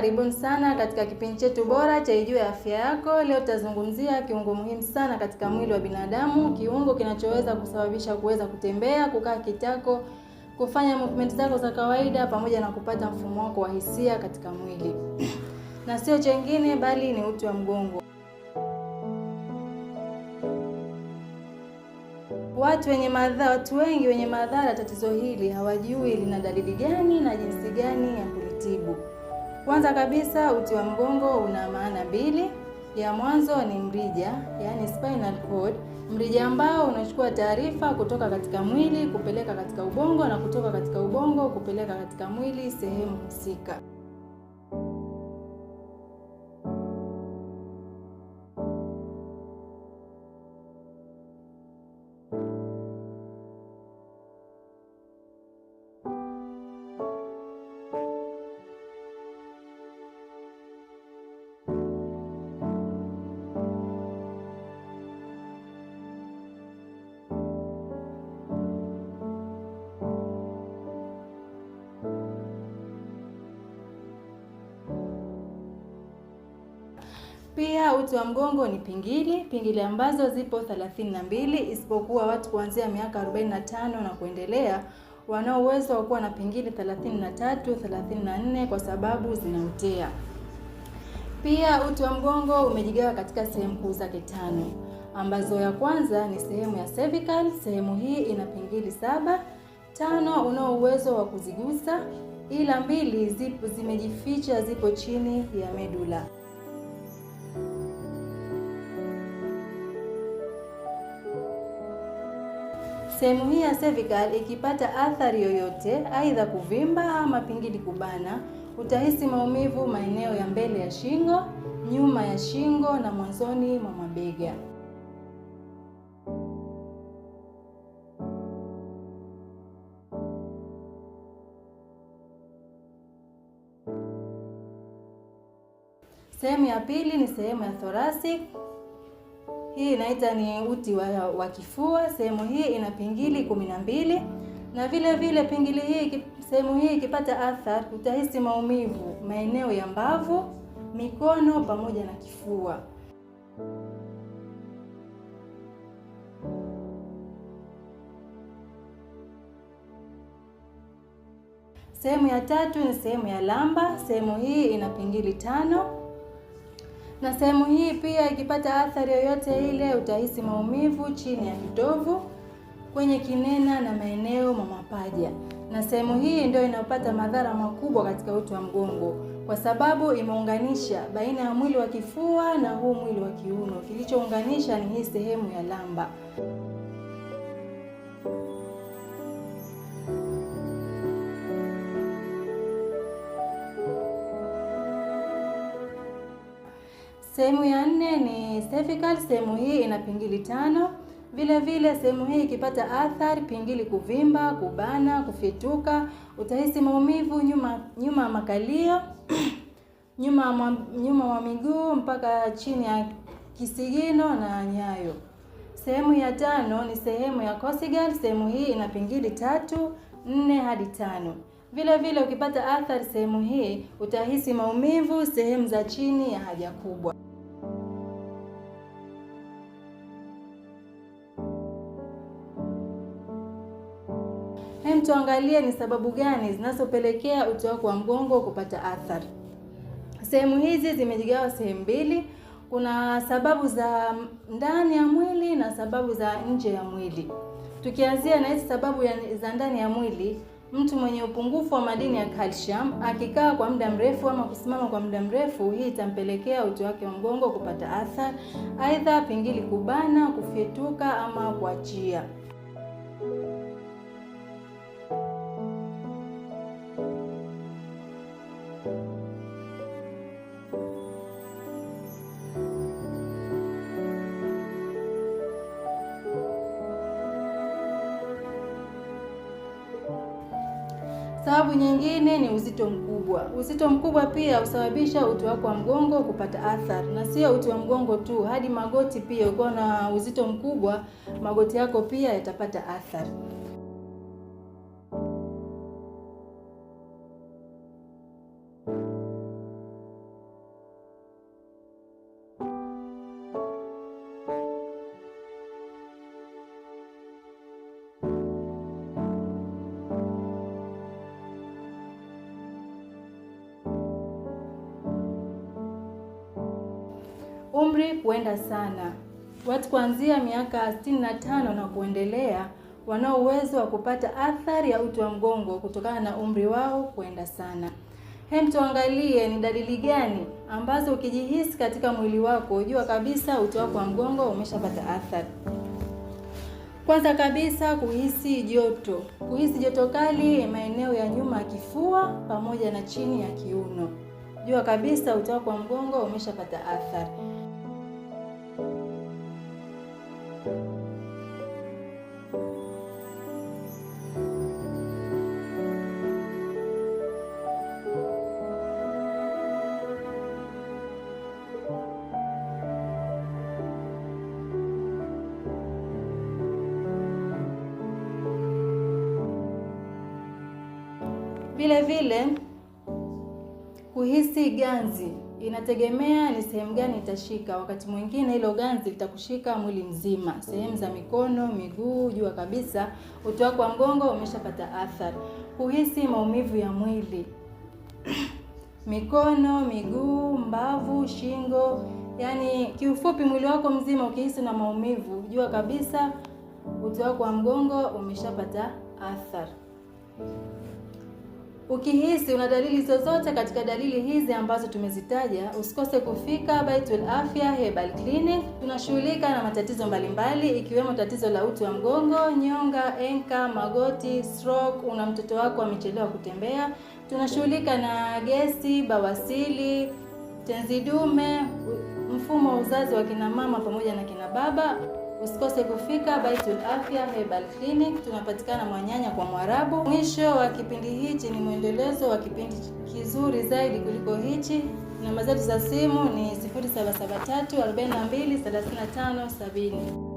Karibuni sana katika kipindi chetu bora cha Ijue Afya Yako. Leo tutazungumzia kiungo muhimu sana katika mwili wa binadamu, kiungo kinachoweza kusababisha kuweza kutembea, kukaa kitako, kufanya movement zako za kawaida, pamoja na kupata mfumo wako wa hisia katika mwili na sio chengine bali ni uti wa mgongo. Watu wenye madhara, watu wengi wenye madhara tatizo hili hawajui lina dalili gani na jinsi gani ya kulitibu. Kwanza kabisa uti wa mgongo una maana mbili. Ya mwanzo ni mrija, yani spinal cord, mrija ambao unachukua taarifa kutoka katika mwili kupeleka katika ubongo na kutoka katika ubongo kupeleka katika mwili sehemu husika. Pia uti wa mgongo ni pingili, pingili ambazo zipo 32 isipokuwa watu kuanzia miaka 45 na kuendelea wanao uwezo wa kuwa na pingili 33, 34 kwa sababu zinaotea. Pia uti wa mgongo umejigawa katika sehemu kuu zake tano ambazo ya kwanza ni sehemu ya cervical. Sehemu hii ina pingili saba, tano unao uwezo wa kuzigusa ila mbili zipo zimejificha, zipo chini ya medula. Sehemu hii ya cervical ikipata athari yoyote, aidha kuvimba ama pingili kubana, utahisi maumivu maeneo ya mbele ya shingo, nyuma ya shingo na mwanzoni mwa mabega. Sehemu ya pili ni sehemu ya thoracic. Hii inaita ni uti wa, wa kifua. Sehemu hii ina pingili kumi na mbili na vile vile pingili hii sehemu hii ikipata athari utahisi maumivu maeneo ya mbavu, mikono pamoja na kifua. Sehemu ya tatu ni sehemu ya lamba. Sehemu hii ina pingili tano na sehemu hii pia ikipata athari yoyote ile, utahisi maumivu chini ya kitovu, kwenye kinena na maeneo mamapaja, na sehemu hii ndio inapata madhara makubwa katika uti wa mgongo, kwa sababu imeunganisha baina ya mwili wa kifua na huu mwili wa kiuno. Kilichounganisha ni hii sehemu ya lamba. Sehemu ya nne ni cervical. Sehemu hii ina pingili tano. Vile vile sehemu hii ikipata athari, pingili kuvimba, kubana, kufituka, utahisi maumivu nyuma nyuma ya makalio nyuma ma, nyuma wa miguu mpaka chini ya kisigino na nyayo. Sehemu ya tano ni sehemu ya cosigal. Sehemu hii ina pingili tatu, nne hadi tano. Vile vile ukipata athari sehemu hii utahisi maumivu sehemu za chini ya haja kubwa. Hem, tuangalie ni sababu gani zinazopelekea uti wako wa mgongo kupata athari. Sehemu hizi zimejigawa sehemu mbili, kuna sababu za ndani ya mwili na sababu za nje ya mwili. Tukianzia na hizi sababu za ndani ya mwili Mtu mwenye upungufu wa madini ya calcium akikaa kwa muda mrefu ama kusimama kwa muda mrefu, hii itampelekea uti wake wa mgongo kupata athari, aidha pingili kubana, kufyetuka ama kuachia. Sababu nyingine ni uzito mkubwa. Uzito mkubwa pia husababisha uti wako wa mgongo kupata athari, na sio uti wa mgongo tu, hadi magoti pia. Ukiwa na uzito mkubwa, magoti yako pia yatapata athari. Umri kuenda sana. Watu kuanzia miaka 65 na kuendelea wanao uwezo wa kupata athari ya uti wa mgongo kutokana na umri wao kuenda sana. Hem, tuangalie ni dalili gani ambazo ukijihisi katika mwili wako jua kabisa uti wako wa mgongo umeshapata athari. Kwanza kabisa kuhisi joto, kuhisi joto kali maeneo ya nyuma ya kifua pamoja na chini ya kiuno, jua kabisa uti wako wa mgongo umeshapata athari. Vile vile kuhisi ganzi inategemea ni sehemu gani itashika. Wakati mwingine hilo ganzi litakushika mwili mzima, sehemu za mikono, miguu, jua kabisa uti wako wa mgongo umeshapata athari. Kuhisi maumivu ya mwili mikono, miguu, mbavu, shingo, yani kiufupi mwili wako mzima ukihisi na maumivu, jua kabisa uti wako wa mgongo umeshapata athari. Ukihisi una dalili zozote katika dalili hizi ambazo tumezitaja, usikose kufika Baitul Afya Herbal Clinic. Tunashughulika na matatizo mbalimbali ikiwemo tatizo la uti wa mgongo, nyonga, enka, magoti, stroke, una mtoto wako amechelewa kutembea. Tunashughulika na gesi, bawasili, tenzi dume, mfumo wa uzazi wa kina mama pamoja na kina baba. Usikose kufika Baitul Afya Herbal Clinic, tunapatikana Mwanyanya kwa Mwarabu. Mwisho wa kipindi hichi ni mwendelezo wa kipindi kizuri zaidi kuliko hichi. Namba zetu za simu ni 70.